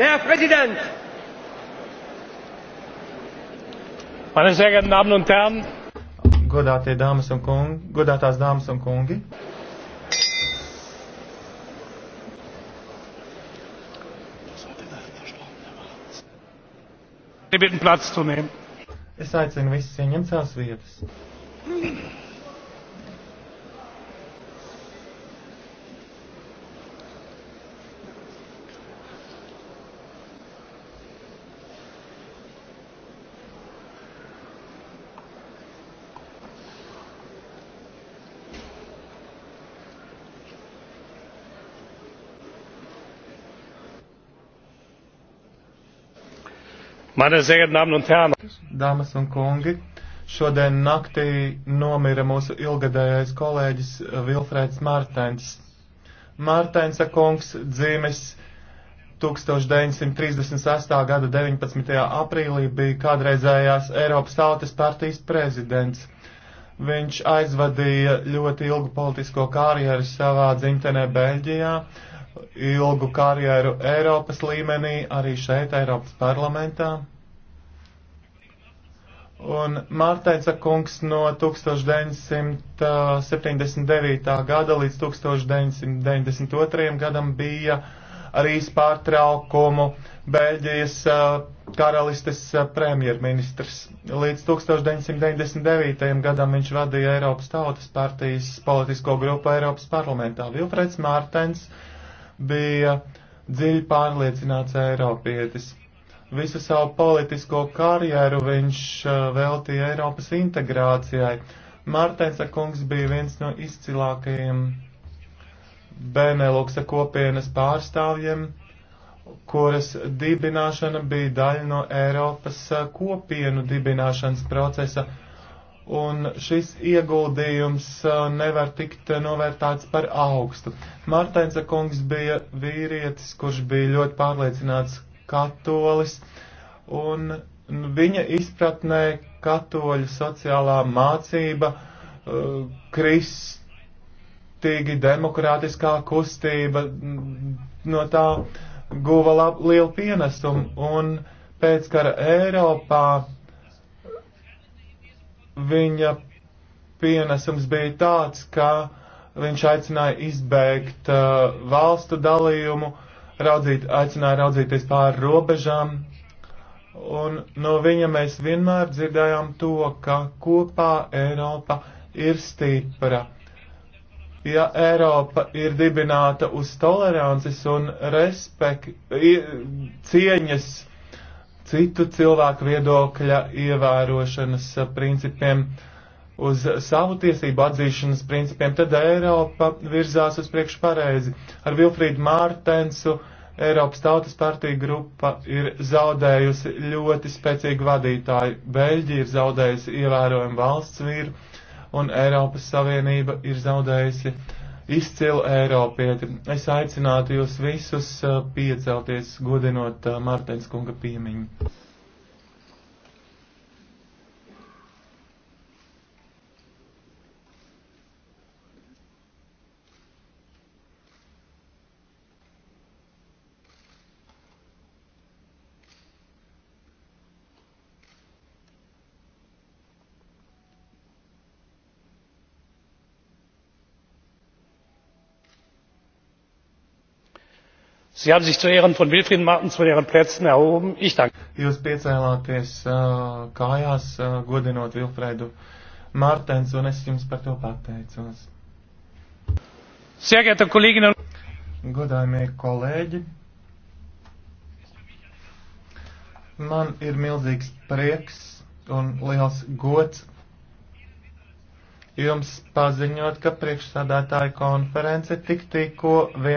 Der Präsident! Meine sehr geehrten Damen und Herren! Godātie dāmas un kungi, godātās dāmas un kungi. Es aicinu visus ieņemt savas vietas. Meine sehr geehrten Damen und Herren! Dāmas un kungi, šodien naktī nomira mūsu ilgadējais kolēģis eh, Vilfrēds Mārtens. Mārtensa kungs dzīves 1938. gada 19. aprīlī bija kādreizējās Eiropas Tautas partijas prezidents. Viņš aizvadīja ļoti ilgu politisko karjeru savā dzimtenē Beļģijā ilgu karjeru Eiropas līmenī, arī šeit, Eiropas parlamentā. Un Mārteica kungs no 1979. Uh, gada līdz 1992. gadam bija arī pārtraukumu Beļģijas uh, karalistes uh, premjerministrs. Līdz 1999. gadam viņš vadīja Eiropas Tautas partijas politisko grupu Eiropas parlamentā. Vilfreds Mārtens bija dziļi pārliecināts Eiropietis. Visu savu politisko karjeru viņš uh, veltīja Eiropas integrācijai. Mārtēnsa kungs bija viens no izcilākajiem Beneluksa kopienas pārstāvjiem, kuras dibināšana bija daļa no Eiropas uh, kopienu dibināšanas procesa un šis ieguldījums uh, nevar tikt novērtāts par augstu. Mārtainsa kungs bija vīrietis, kurš bija ļoti pārliecināts katolis, un viņa izpratnē katoļu sociālā mācība, uh, kristīgi demokrātiskā kustība mm, no tā guva lab, lielu pienesumu, un pēckara Eiropā viņa pienesums bija tāds, ka viņš aicināja izbēgt uh, valstu dalījumu, raudzīt, aicināja raudzīties pāri robežām, un no viņa mēs vienmēr dzirdējām to, ka kopā Eiropa ir stipra. Ja Eiropa ir dibināta uz tolerances un respekt, cieņas, citu cilvēku viedokļa ievērošanas principiem, uz savu tiesību atzīšanas principiem, tad Eiropa virzās uz priekšu pareizi. Ar Vilfrīdu Mārtensu Eiropas Tautas partija grupa ir zaudējusi ļoti spēcīgu vadītāju. Beļģija ir zaudējusi ievērojumu valsts vīru, un Eiropas Savienība ir zaudējusi izcilu Eiropieti. Es aicinātu jūs visus uh, piecelties godinot uh, Mārtenskunga piemiņu. Sie haben sich zu Ehren von Wilfried Martens von Ihren Plätzen erhoben. Ich danke. Jūs piecēlāties uh, kājās, uh, godinot Vilfredu Martens, un es jums par to pateicos. Sehr geehrte Kolleginnen un Godājumie kolēģi, man ir milzīgs prieks un liels gods jums paziņot, ka priekšsādātāja konference tik tikko vien.